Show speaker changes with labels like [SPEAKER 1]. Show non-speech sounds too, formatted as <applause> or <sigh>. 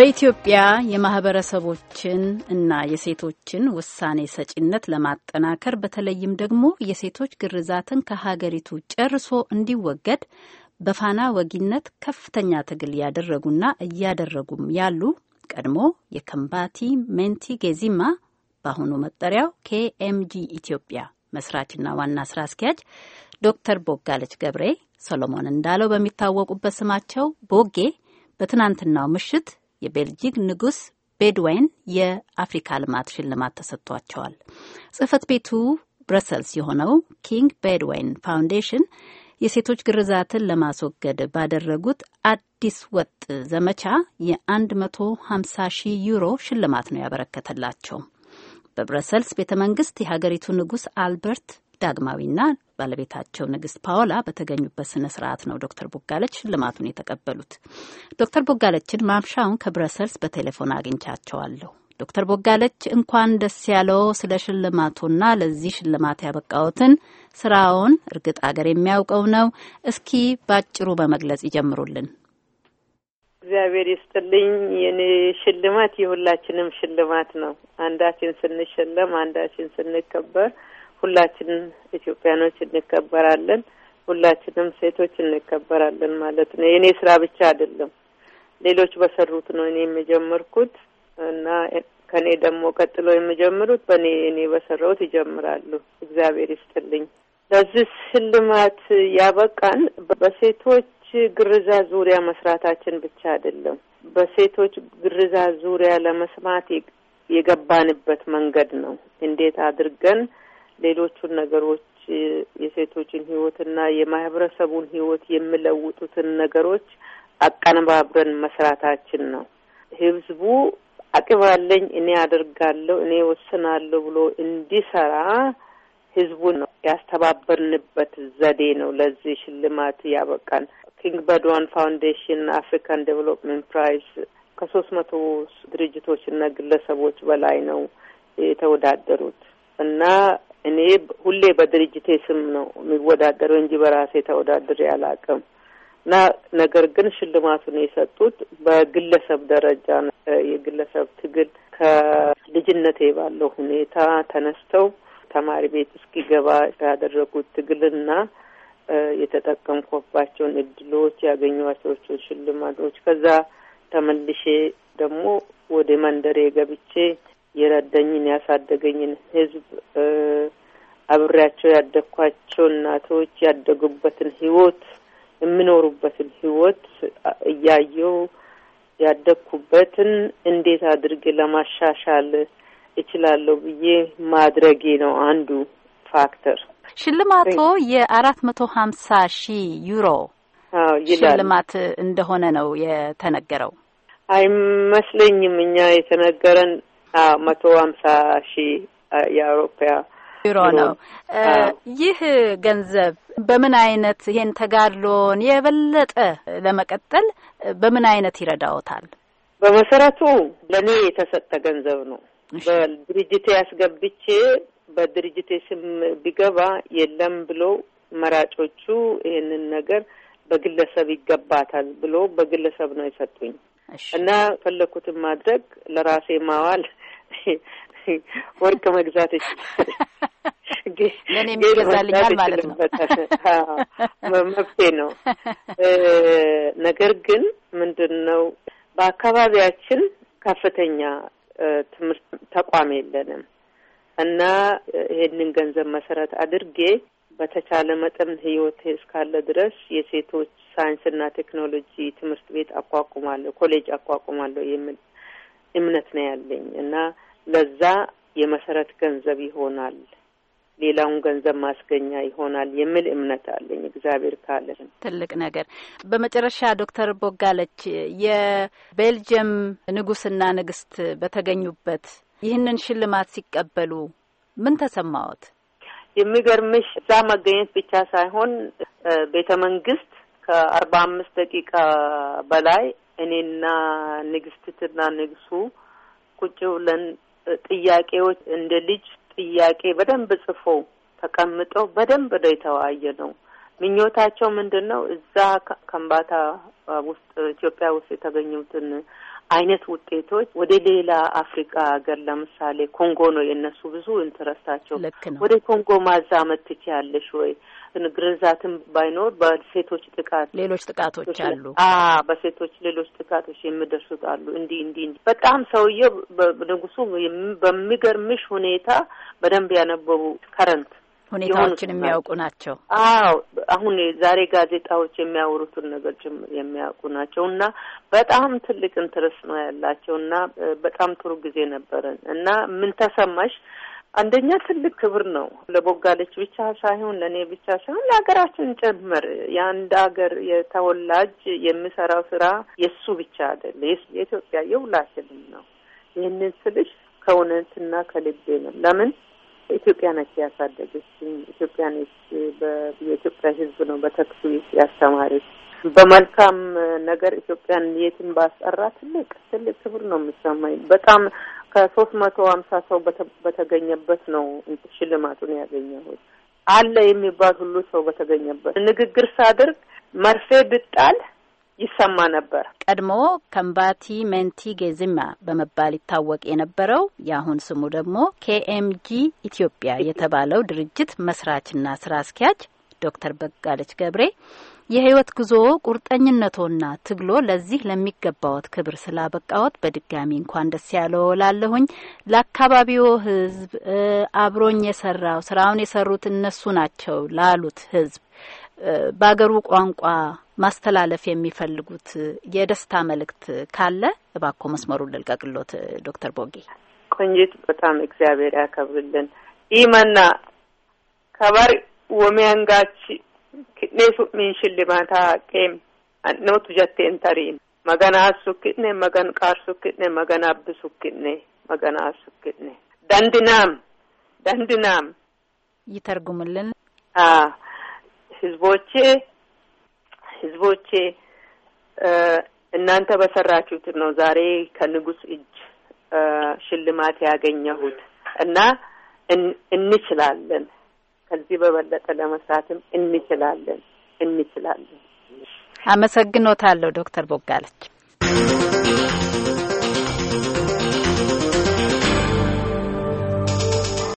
[SPEAKER 1] በኢትዮጵያ የማህበረሰቦችን እና የሴቶችን ውሳኔ ሰጪነት ለማጠናከር በተለይም ደግሞ የሴቶች ግርዛትን ከሀገሪቱ ጨርሶ እንዲወገድ በፋና ወጊነት ከፍተኛ ትግል ያደረጉና እያደረጉም ያሉ ቀድሞ የከምባቲ ሜንቲ ጌዚማ በአሁኑ መጠሪያው ኬኤምጂ ኢትዮጵያ መስራችና ዋና ስራ አስኪያጅ ዶክተር ቦጋለች ገብሬ ሰሎሞን እንዳለው በሚታወቁበት ስማቸው ቦጌ በትናንትናው ምሽት የቤልጂክ ንጉስ ቤድዌን የአፍሪካ ልማት ሽልማት ተሰጥቷቸዋል። ጽህፈት ቤቱ ብረሰልስ የሆነው ኪንግ ቤድዌን ፋውንዴሽን የሴቶች ግርዛትን ለማስወገድ ባደረጉት አዲስ ወጥ ዘመቻ የ150 ሺህ ዩሮ ሽልማት ነው ያበረከተላቸው። በብረሰልስ ቤተ መንግስት የሀገሪቱ ንጉስ አልበርት ዳግማዊና ባለቤታቸው ንግስት ፓወላ በተገኙበት ስነ ስርዓት ነው ዶክተር ቦጋለች ሽልማቱን የተቀበሉት። ዶክተር ቦጋለችን ማምሻውን ከብረሰልስ በቴሌፎን አግኝቻቸዋለሁ። ዶክተር ቦጋለች እንኳን ደስ ያለው ስለ ሽልማቱና ለዚህ ሽልማት ያበቃዎትን ስራውን እርግጥ አገር የሚያውቀው ነው። እስኪ ባጭሩ በመግለጽ ይጀምሩልን።
[SPEAKER 2] እግዚአብሔር ይስጥልኝ። የኔ ሽልማት የሁላችንም ሽልማት ነው። አንዳችን ስንሸለም፣ አንዳችን ስንከበር ሁላችንም ኢትዮጵያኖች እንከበራለን፣ ሁላችንም ሴቶች እንከበራለን ማለት ነው። የእኔ ስራ ብቻ አይደለም፣ ሌሎች በሰሩት ነው እኔ የምጀምርኩት እና ከእኔ ደግሞ ቀጥሎ የሚጀምሩት በእኔ እኔ በሰራሁት ይጀምራሉ። እግዚአብሔር ይስጥልኝ። ለዚህ ሽልማት ያበቃን በሴቶች ግርዛ ዙሪያ መስራታችን ብቻ አይደለም፣ በሴቶች ግርዛ ዙሪያ ለመስማት የገባንበት መንገድ ነው። እንዴት አድርገን ሌሎቹን ነገሮች የሴቶችን ህይወትና የማህበረሰቡን ህይወት የሚለውጡትን ነገሮች አቀነባብረን መስራታችን ነው። ህዝቡ አቅም አለኝ እኔ አደርጋለሁ እኔ ወስናለሁ ብሎ እንዲሰራ ህዝቡን ነው ያስተባበርንበት ዘዴ ነው ለዚህ ሽልማት ያበቃን። ኪንግ በድዋን ፋውንዴሽን አፍሪካን ዴቨሎፕመንት ፕራይስ ከሶስት መቶ ድርጅቶችና ግለሰቦች በላይ ነው የተወዳደሩት እና እኔ ሁሌ በድርጅቴ ስም ነው የሚወዳደረው እንጂ በራሴ ተወዳድሬ አላውቅም። እና ነገር ግን ሽልማቱን የሰጡት በግለሰብ ደረጃ የግለሰብ ትግል ከልጅነቴ ባለው ሁኔታ ተነስተው ተማሪ ቤት እስኪገባ ያደረጉት ትግልና የተጠቀምኩባቸውን እድሎች፣ ያገኟቸው ሽልማቶች ከዛ ተመልሼ ደግሞ ወደ መንደሬ ገብቼ የረዳኝን ያሳደገኝን ህዝብ አብሬያቸው ያደግኳቸው እናቶች ያደጉበትን ህይወት የምኖሩበትን ህይወት እያየው ያደግኩበትን እንዴት አድርጌ ለማሻሻል እችላለሁ ብዬ ማድረጌ ነው አንዱ ፋክተር።
[SPEAKER 1] ሽልማቶ የአራት መቶ ሀምሳ ሺህ ዩሮ ሽልማት እንደሆነ ነው የተነገረው።
[SPEAKER 2] አይመስለኝም። እኛ የተነገረን መቶ ሀምሳ ሺህ የአውሮፓ ዩሮ ነው።
[SPEAKER 1] ይህ ገንዘብ በምን አይነት ይሄን ተጋድሎን የበለጠ ለመቀጠል በምን አይነት ይረዳዎታል?
[SPEAKER 2] በመሰረቱ ለእኔ የተሰጠ ገንዘብ ነው። በድርጅቴ ያስገብቼ በድርጅቴ ስም ቢገባ የለም ብሎ መራጮቹ ይህንን ነገር በግለሰብ ይገባታል ብሎ በግለሰብ ነው የሰጡኝ እና ፈለኩትን ማድረግ ለራሴ ማዋል <laughs> ወርቅ <laughs> መግዛት ለእኔ የሚገዛልኛል ማለት ነው። መብቴ ነው። <laughs> ነገር ግን ምንድን ነው በአካባቢያችን ከፍተኛ ትምህርት ተቋም የለንም እና ይሄንን ገንዘብ መሰረት አድርጌ በተቻለ መጠን ህይወት እስካለ ድረስ የሴቶች ሳይንስና ቴክኖሎጂ ትምህርት ቤት አቋቁማለሁ፣ ኮሌጅ አቋቁማለሁ የሚል እምነት ነው ያለኝ እና ለዛ የመሰረት ገንዘብ ይሆናል፣ ሌላውን ገንዘብ ማስገኛ ይሆናል የሚል እምነት አለኝ። እግዚአብሔር ካለን
[SPEAKER 1] ትልቅ ነገር። በመጨረሻ ዶክተር ቦጋለች የቤልጅየም ንጉስና ንግስት በተገኙበት ይህንን ሽልማት ሲቀበሉ ምን ተሰማዎት?
[SPEAKER 2] የሚገርምሽ እዛ መገኘት ብቻ ሳይሆን ቤተ መንግስት ከአርባ አምስት ደቂቃ በላይ እኔና ንግስትትና ንግሱ ቁጭ ብለን ጥያቄዎች እንደ ልጅ ጥያቄ በደንብ ጽፎ ተቀምጠው በደንብ ነው የተወያየ ነው። ምኞታቸው ምንድን ነው? እዛ ከምባታ ውስጥ ኢትዮጵያ ውስጥ የተገኙትን አይነት ውጤቶች ወደ ሌላ አፍሪካ ሀገር ለምሳሌ ኮንጎ ነው የእነሱ ብዙ ኢንትረስታቸው። ወደ ኮንጎ ማዛመት ትችያለሽ ወይ? ግርዛትም ባይኖር በሴቶች ጥቃት ሌሎች ጥቃቶች አሉ። አዎ በሴቶች ሌሎች ጥቃቶች የሚደርሱት አሉ። እንዲህ እንዲህ እንዲህ በጣም ሰውየው ንጉሱ በሚገርምሽ ሁኔታ በደንብ ያነበቡ ከረንት ሁኔታዎችን የሚያውቁ
[SPEAKER 1] ናቸው። አዎ
[SPEAKER 2] አሁን ዛሬ ጋዜጣዎች የሚያወሩትን ነገር የሚያውቁ ናቸው እና በጣም ትልቅ ኢንትረስት ነው ያላቸው እና በጣም ጥሩ ጊዜ ነበረን እና ምን ተሰማሽ? አንደኛ ትልቅ ክብር ነው ለቦጋለች ብቻ ሳይሆን ለእኔ ብቻ ሳይሆን ለሀገራችን ጭምር። የአንድ ሀገር የተወላጅ የሚሰራው ስራ የእሱ ብቻ አይደለም፣ የኢትዮጵያ የሁላችንም ነው። ይህንን ስልሽ ከእውነትና ከልቤ ነው። ለምን ኢትዮጵያ ነች ያሳደገች ኢትዮጵያ ነች የኢትዮጵያ ሕዝብ ነው በተክሱ ያስተማረች። በመልካም ነገር ኢትዮጵያን የትን ባስጠራ ትልቅ ትልቅ ክብር ነው የሚሰማኝ። በጣም ከሶስት መቶ ሀምሳ ሰው በተገኘበት ነው ሽልማቱን ያገኘሁት። አለ የሚባል ሁሉ ሰው በተገኘበት ንግግር ሳደርግ መርፌ ብጣል ይሰማ ነበር።
[SPEAKER 1] ቀድሞ ከምባቲ መንቲ ጌዝማ በመባል ይታወቅ የነበረው የአሁን ስሙ ደግሞ ኬኤምጂ ኢትዮጵያ የተባለው ድርጅት መስራችና ስራ አስኪያጅ ዶክተር በጋለች ገብሬ የህይወት ጉዞ ቁርጠኝነቶና ትግሎ ለዚህ ለሚገባዎት ክብር ስላበቃዎት በድጋሚ እንኳን ደስ ያለው ላለሁኝ። ለአካባቢው ህዝብ አብሮኝ የሰራው ስራውን የሰሩት እነሱ ናቸው ላሉት ህዝብ በአገሩ ቋንቋ ማስተላለፍ የሚፈልጉት የደስታ መልእክት ካለ እባኮ መስመሩን ልልቀቅሎት። ዶክተር ቦጌ
[SPEAKER 2] ቆንጂት፣ በጣም እግዚአብሔር ያከብርልን። ኢመና ከበር Woomiyangaachi kidheesu miin shillimataa qeem annootu jetteen tariin maganaa sukkidne magan qaar sukkidne magan abbi sukkidne maganaa sukkidne dandinaም dandናም
[SPEAKER 1] ይተርጉምልን።
[SPEAKER 2] ህዝቦቼ ህዝቦቼ እናንተ በሰራችሁት ነው ዛሬ ከንጉስ እጅ ሽልማት ያገኘሁት እና እንችላለን ከዚህ በበለጠ ለመስራትም እንችላለን እንችላለን።
[SPEAKER 1] አመሰግኖታለሁ ዶክተር ቦጋለች።